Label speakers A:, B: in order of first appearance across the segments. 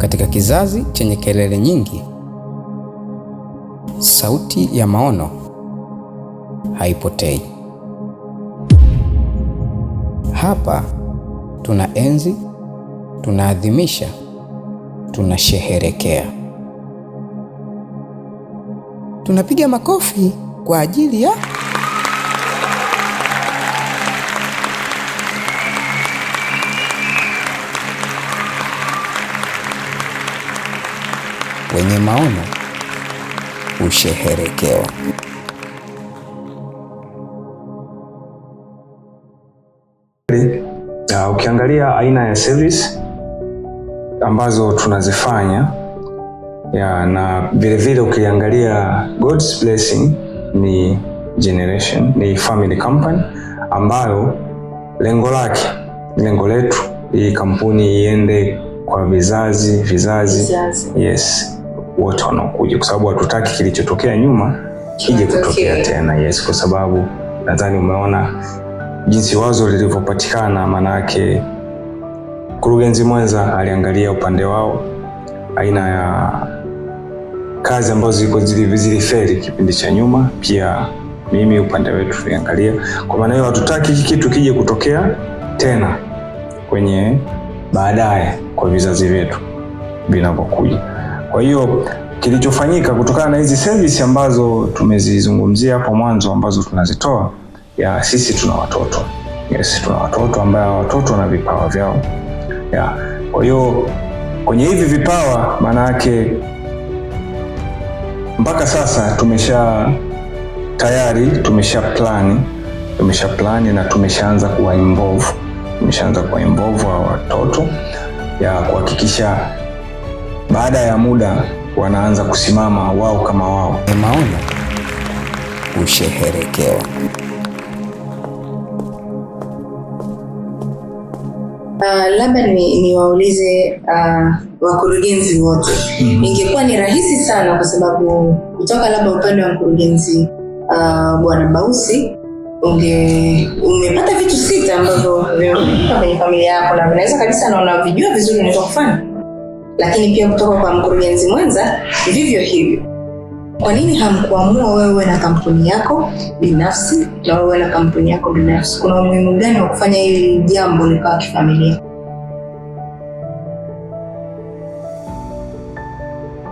A: Katika kizazi chenye kelele nyingi, sauti ya maono haipotei. Hapa tunaenzi, tunaadhimisha, tunasherehekea, tunapiga makofi kwa ajili ya wenye maono usheherekewa.
B: Uh, ukiangalia aina ya service ambazo tunazifanya ya, na vilevile ukiangalia God's Blessing ni generation, ni family company ambayo lengo lake, lengo letu hii kampuni iende kwa vizazi vizazi, vizazi. Yes wote wanaokuja, kwa sababu hatutaki kilichotokea nyuma kije kutokea tena. Yes, kwa sababu nadhani umeona jinsi wazo lilivyopatikana. Maana yake mkurugenzi mwenza aliangalia upande wao, aina ya kazi ambazo zilikuwa zilifeli kipindi cha nyuma, pia mimi upande wetu tuliangalia. Kwa maana hiyo hatutaki kitu kije kutokea tena kwenye baadaye kwa vizazi vyetu vinavyokuja. Kwa hiyo kilichofanyika kutokana na hizi service ambazo tumezizungumzia hapo mwanzo ambazo tunazitoa ya, sisi tuna watoto yes, tuna watoto ambao watoto na vipawa vyao ya. Kwa hiyo kwenye hivi vipawa maana yake mpaka sasa tumesha tayari tumesha plani tumesha plani na tumeshaanza kuwa involve tumeshaanza kuwa involve wa watoto ya kuhakikisha baada ya muda wanaanza kusimama wao kama wao.
A: Maono usheherekewa.
C: Uh, labda niwaulize ni uh, ah, wakurugenzi wote mm -hmm. Ingekuwa ni rahisi sana kwa sababu kutoka labda upande wa mkurugenzi uh, Bwana Bausi unge umepata vitu sita ambavyo vimekuwa kwenye familia yako na vinaweza kabisa, na unavijua vizuri unaweza kufanya lakini pia kutoka kwa mkurugenzi mwenza vivyo hivyo. Kwa nini hamkuamua wewe na kampuni yako binafsi na wewe na kampuni yako binafsi? Kuna umuhimu gani wa kufanya hili jambo likawa kifamilia?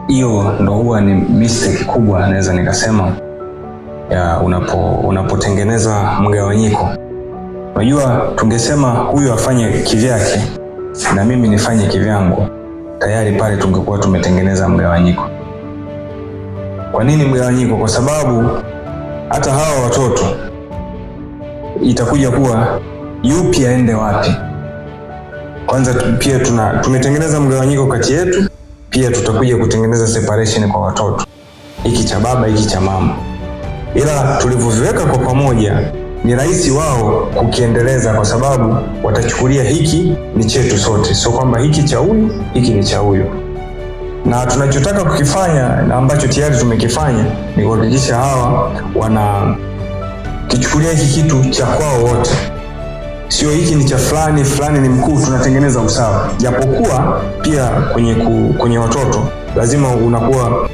B: Hiyo ndo huwa ni mistake kubwa, naweza nikasema ya unapo unapotengeneza mgawanyiko. Unajua, tungesema huyu afanye kivyake na mimi nifanye kivyangu tayari pale tungekuwa tumetengeneza mgawanyiko. Kwa nini mgawanyiko? Kwa sababu hata hawa watoto itakuja kuwa yupi aende wapi. Kwanza pia tuna, tumetengeneza mgawanyiko kati yetu, pia tutakuja kutengeneza separation kwa watoto, hiki cha baba, hiki cha mama, ila tulivyoviweka kwa pamoja ni rahisi wao kukiendeleza, kwa sababu watachukulia hiki ni chetu sote, sio kwamba hiki cha huyu hiki ni cha huyu. Na tunachotaka kukifanya na ambacho tayari tumekifanya ni kuhakikisha hawa wanakichukulia hiki kitu cha kwao wote, sio hiki ni cha fulani fulani ni mkuu. Tunatengeneza usawa, japokuwa pia kwenye, ku, kwenye watoto lazima unakuwa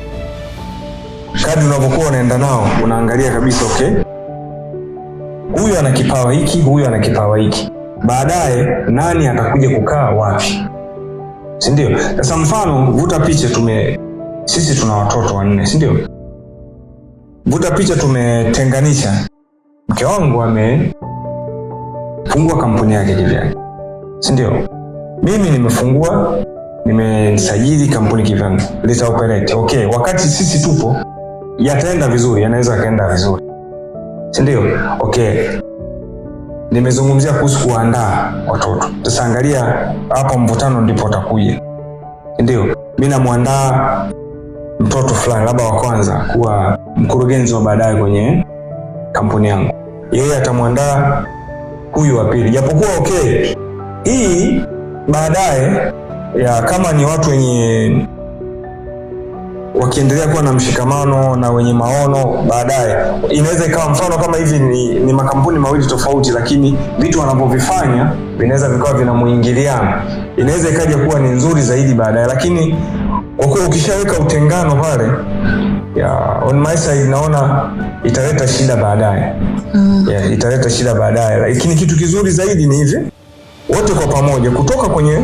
B: kadri unavyokuwa unaenda nao unaangalia kabisa okay huyu ana kipawa hiki, huyu ana kipawa hiki, baadaye nani atakuja kukaa wapi, si ndio? Sasa mfano, vuta picha, tume sisi tuna watoto wanne, si ndio? Vuta picha, tumetenganisha. Mke wangu amefungua kampuni yake kivyake, si ndio? Mimi nimefungua nimesajili kampuni kivyangu, litaoperate okay. Wakati sisi tupo, yataenda vizuri, yanaweza akaenda vizuri sindio Okay, nimezungumzia kuhusu kuandaa watoto. Sasa angalia hapa, mvutano ndipo utakuja, ndio mimi namwandaa mtoto fulani labda wa kwanza kuwa mkurugenzi wa baadaye kwenye kampuni yangu, yeye atamwandaa huyu wa pili, japokuwa okay, hii baadaye ya kama ni watu wenye wakiendelea kuwa na mshikamano na wenye maono baadaye. Inaweza ikawa mfano kama hivi ni, ni makampuni mawili tofauti, lakini vitu wanavyovifanya vinaweza vikawa vina mwingiliano, inaweza ikaja kuwa ni nzuri zaidi baadaye, lakini kwa kuwa ukishaweka utengano pale ya, on my side naona italeta shida baadaye mm. Yeah, italeta shida baadaye, lakini kitu kizuri zaidi ni hivi wote kwa pamoja kutoka kwenye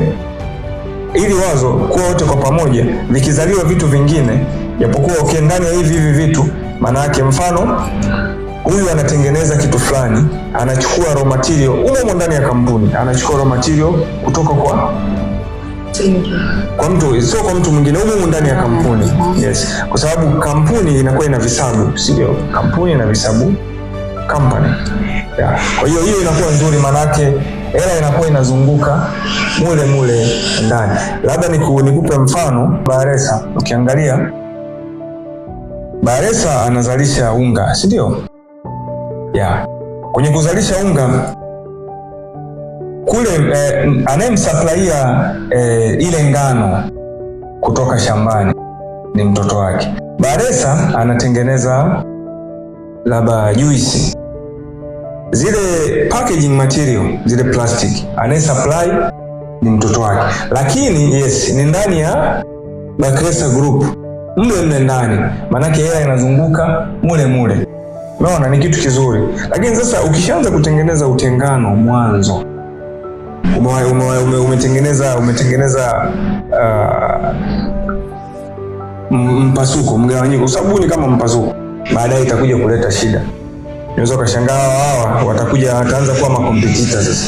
B: ili wazo kuwa wote kwa pamoja, vikizaliwa vitu vingine, japokuwa ukiwa ndani ya hivi hivi vitu, maana yake mfano huyu anatengeneza kitu fulani, anachukua raw material umo ndani ya kampuni, anachukua raw material kutoka kwa kwa mtu, sio kwa mtu mwingine, humo ndani ya kampuni. Yes, kwa sababu kampuni inakuwa ina visabu, sio kampuni ina visabu company. Yeah. Kwa hiyo hiyo inakuwa nzuri, maanake hela inakuwa inazunguka mule mule ndani. Labda nikupe mfano Baresa, ukiangalia Baresa anazalisha unga, si ndio? Yeah. Kwenye kuzalisha unga kule eh, anayemsaplaia eh, ile ngano kutoka shambani ni mtoto wake. Baresa anatengeneza labda juisi zile packaging material zile plastic, anaye supply ni mtoto wake, lakini yes, ni ndani ya bakresa Group mle mle ndani, maanake yeye anazunguka mule mule. Unaona, ni kitu kizuri, lakini sasa ukishaanza kutengeneza utengano mwanzo umetengeneza umetengeneza uh, mpasuko, mgawanyiko, sababu ni kama mpasuko, baadaye itakuja kuleta shida unaweza ukashangaa hawa watakuja wataanza kuwa makompetita sasa.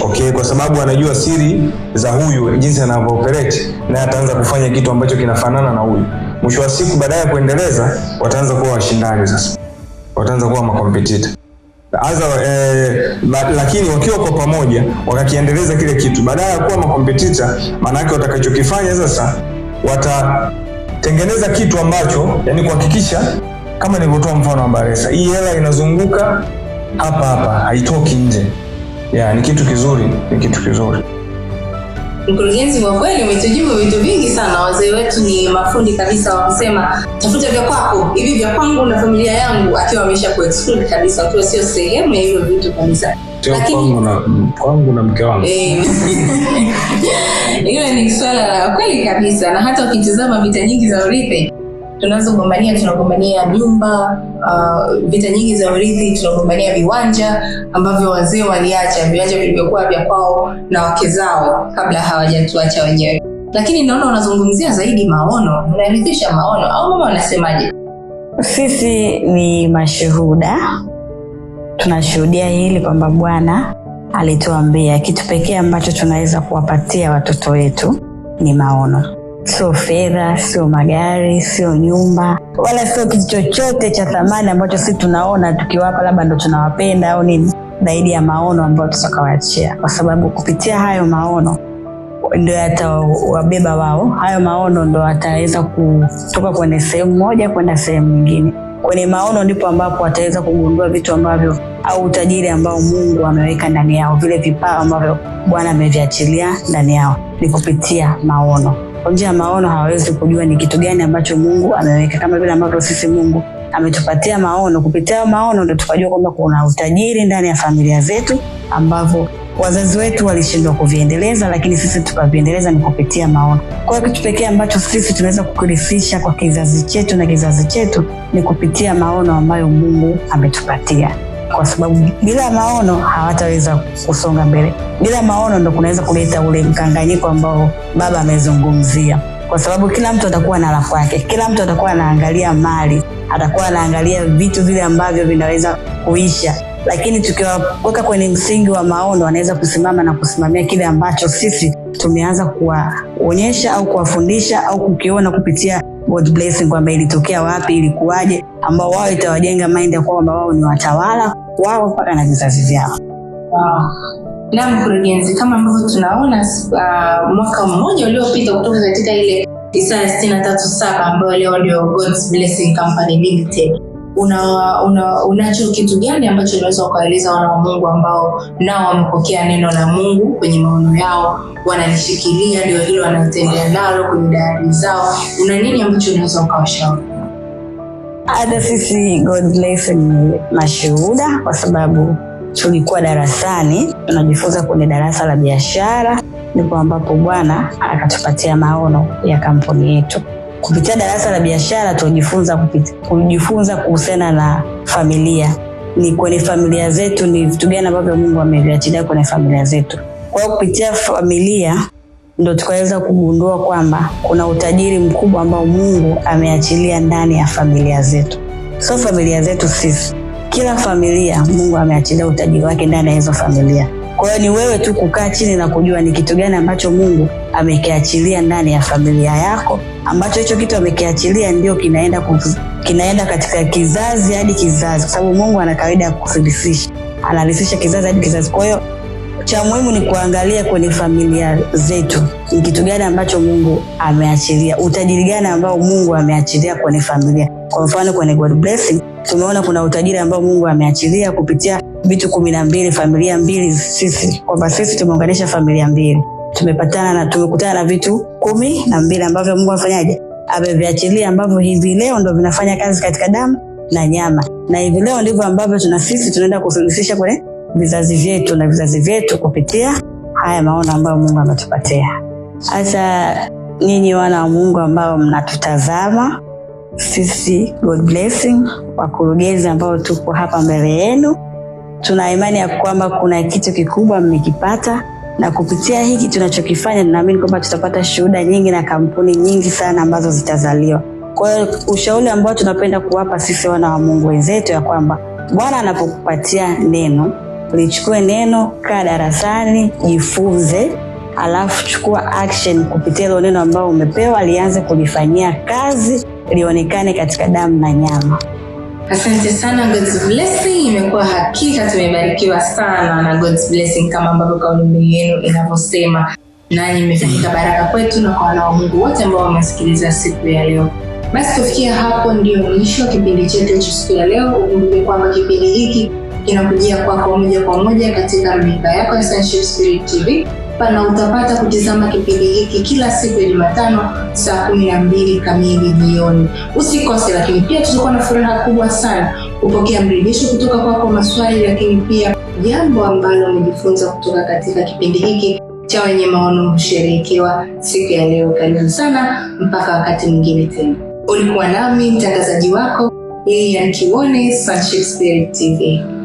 B: Okay, kwa sababu anajua siri za huyu jinsi anavyo operate, naye ataanza kufanya kitu ambacho kinafanana na huyu. Mwisho wa siku, baadaye kuendeleza, wataanza kuwa washindani sasa, wataanza kuwa makompetita Aza, eh, ba, lakini wakiwa kwa pamoja wakakiendeleza kile kitu badala ya kuwa makompetita, maanake watakachokifanya sasa watatengeneza kitu ambacho yani kuhakikisha kama nilivyotoa mfano wa Baresa, hii hela inazunguka hapa hapa, haitoki nje. Ya, ni kitu kizuri, ni kitu kizuri.
C: Mkurugenzi, kwa kweli umetujibu vitu vingi sana. Wazee wetu ni mafundi kabisa wa kusema tafuta vya kwako, hivi vya kwangu na familia yangu, akiwa amesha kuexclude kabisa, akiwa sio sehemu ya hivyo vitu kabisa.
B: Kwangu na, kwangu na mke wangu eh.
C: hilo ni swala la kweli kabisa, na hata ukitizama vita nyingi za urithi tunazogombania tunagombania nyumba uh, vita nyingi za urithi tunagombania viwanja ambavyo wazee waliacha viwanja vilivyokuwa vya kwao na wake zao kabla hawajatuacha wenyewe lakini naona unazungumzia zaidi maono unaridhisha maono au mama wanasemaje
D: sisi ni mashuhuda tunashuhudia hili kwamba bwana alituambia kitu pekee ambacho tunaweza kuwapatia watoto wetu ni maono sio fedha, sio magari, sio nyumba, wala sio kitu chochote cha thamani ambacho sisi tunaona tukiwapa, labda ndo tunawapenda au nini, zaidi ya maono ambayo tutakawaachia, kwa sababu kupitia hayo maono ndio yatawabeba wao. Hayo maono ndo wataweza kutoka kwenye sehemu moja kwenda sehemu nyingine. Kwenye maono ndipo ambapo wataweza kugundua vitu ambavyo au utajiri ambao Mungu ameweka ndani yao, vile vipawa ambavyo Bwana ameviachilia ndani yao ni kupitia maono. Kwa njia ya maono hawawezi kujua ni kitu gani ambacho Mungu ameweka, kama vile ambavyo sisi Mungu ametupatia maono. Kupitia maono ndio tukajua kwamba kuna utajiri ndani ya familia zetu ambavyo wazazi wetu walishindwa kuviendeleza, lakini sisi tukaviendeleza ni kupitia maono. Kwa hiyo kitu pekee ambacho sisi tunaweza kukirithisha kwa kizazi chetu na kizazi chetu ni kupitia maono ambayo Mungu ametupatia kwa sababu bila maono hawataweza kusonga mbele. Bila maono ndo kunaweza kuleta ule mkanganyiko ambao baba amezungumzia, kwa sababu kila mtu atakuwa na rafu yake kila mtu atakuwa anaangalia mali, atakuwa anaangalia vitu vile ambavyo vinaweza kuisha lakini tukiwaweka kwenye msingi wa maono, wanaweza kusimama na kusimamia kile ambacho sisi tumeanza kuwaonyesha au kuwafundisha au kukiona kupitia God Blessing, kwamba ilitokea wapi, ilikuwaje, ambao wao itawajenga maindi ya kwamba wao ni watawala wao mpaka na vizazi vyao. Wow.
C: Na mkurugenzi, kama ambavyo tunaona uh, mwaka mmoja uliopita kutoka katika ile Isaya sitini saba ambayo leo ndio God's Blessing Company Limited, una, una, unacho kitu gani ambacho unaweza ukaeleza wana wa Mungu ambao nao wamepokea neno la Mungu kwenye maono yao, wanalishikilia ndio hilo wanatembea nalo kwenye dayari zao, una nini ambacho unaweza ukawashauri?
D: Hata sisi God Life ni mashuhuda kwa sababu tulikuwa darasani tunajifunza kwenye darasa la biashara, ndipo ambapo Bwana akatupatia maono ya kampuni yetu. Kupitia darasa la biashara tunajifunza kujifunza kuhusiana na familia, ni kwenye familia zetu ni vitu gani ambavyo Mungu ameviachilia kwenye familia zetu. Kwa hiyo kupitia familia ndo tukaweza kugundua kwamba kuna utajiri mkubwa ambao Mungu ameachilia ndani ya familia zetu, sio familia zetu sisi. Kila familia Mungu ameachilia utajiri wake ndani ya hizo familia. Kwa hiyo ni wewe tu kukaa chini na kujua ni kitu gani ambacho Mungu amekiachilia ndani ya familia yako, ambacho hicho kitu amekiachilia ndio kinaenda kufu, kinaenda katika kizazi hadi kizazi, kwa sababu Mungu ana kawaida ya kurithisha, anarithisha kizazi hadi kizazi. Kwa hiyo cha muhimu ni kuangalia kwenye familia zetu ni kitu gani ambacho Mungu ameachilia, utajiri gani ambao Mungu ameachilia kwenye familia. Kwa mfano kwenye God blessing tumeona kuna utajiri ambao Mungu ameachilia kupitia vitu kumi na mbili, familia mbili, sisi kwamba sisi tumeunganisha familia mbili, tumepatana na tumekutana na vitu kumi na mbili ambavyo Mungu amefanyaje, ameviachilia, ambavyo hivi leo ndo vinafanya kazi katika damu na nyama, na hivi leo ndivyo ambavyo tuna sisi tunaenda kusuluhisha kwenye vizazi vyetu na vizazi vyetu kupitia haya maono ambayo Mungu ametupatia. Hasa nyinyi wana wa Mungu ambao mnatutazama sisi, God blessing, wakurugenzi ambao tuko hapa mbele yenu, tuna imani ya kwamba kuna kitu kikubwa mmekipata, na kupitia hiki tunachokifanya, tunaamini kwamba tutapata shuhuda nyingi na kampuni nyingi sana ambazo zitazaliwa. Kwa hiyo ushauri ambao tunapenda kuwapa sisi wana wa Mungu wenzetu ya kwamba Bwana anapokupatia neno lichukue neno, kaa darasani, jifunze, alafu chukua action kupitia hilo neno ambao umepewa, lianze kulifanyia kazi, lionekane katika damu na nyama.
C: Asante sana God's Blessing, imekuwa hakika tumebarikiwa sana na God's Blessing kama ambavyo kauli mbiu yenu inavyosema, nanyi imefanyika baraka kwetu na kwa wana wa Mungu wote ambao wamesikiliza siku ya leo. Basi kufikia hapo ndio mwisho wa kipindi chetu cha siku ya leo. Ukumbuke kwamba kipindi hiki inakujia kwako moja kwa moja katika runinga yako ya Sonship Spirit TV pana utapata kutizama kipindi hiki kila siku ya Jumatano saa kumi na mbili kamili jioni. Usikose. Lakini pia tutakuwa na furaha kubwa sana kupokea mrejesho kutoka kwako kwa maswali, lakini pia jambo ambalo umejifunza kutoka katika kipindi hiki cha wenye maono husherehekewa siku ya leo. Karibu sana, mpaka wakati mwingine tena. Ulikuwa nami mtangazaji wako Lilian Kiwone, Sonship Spirit TV.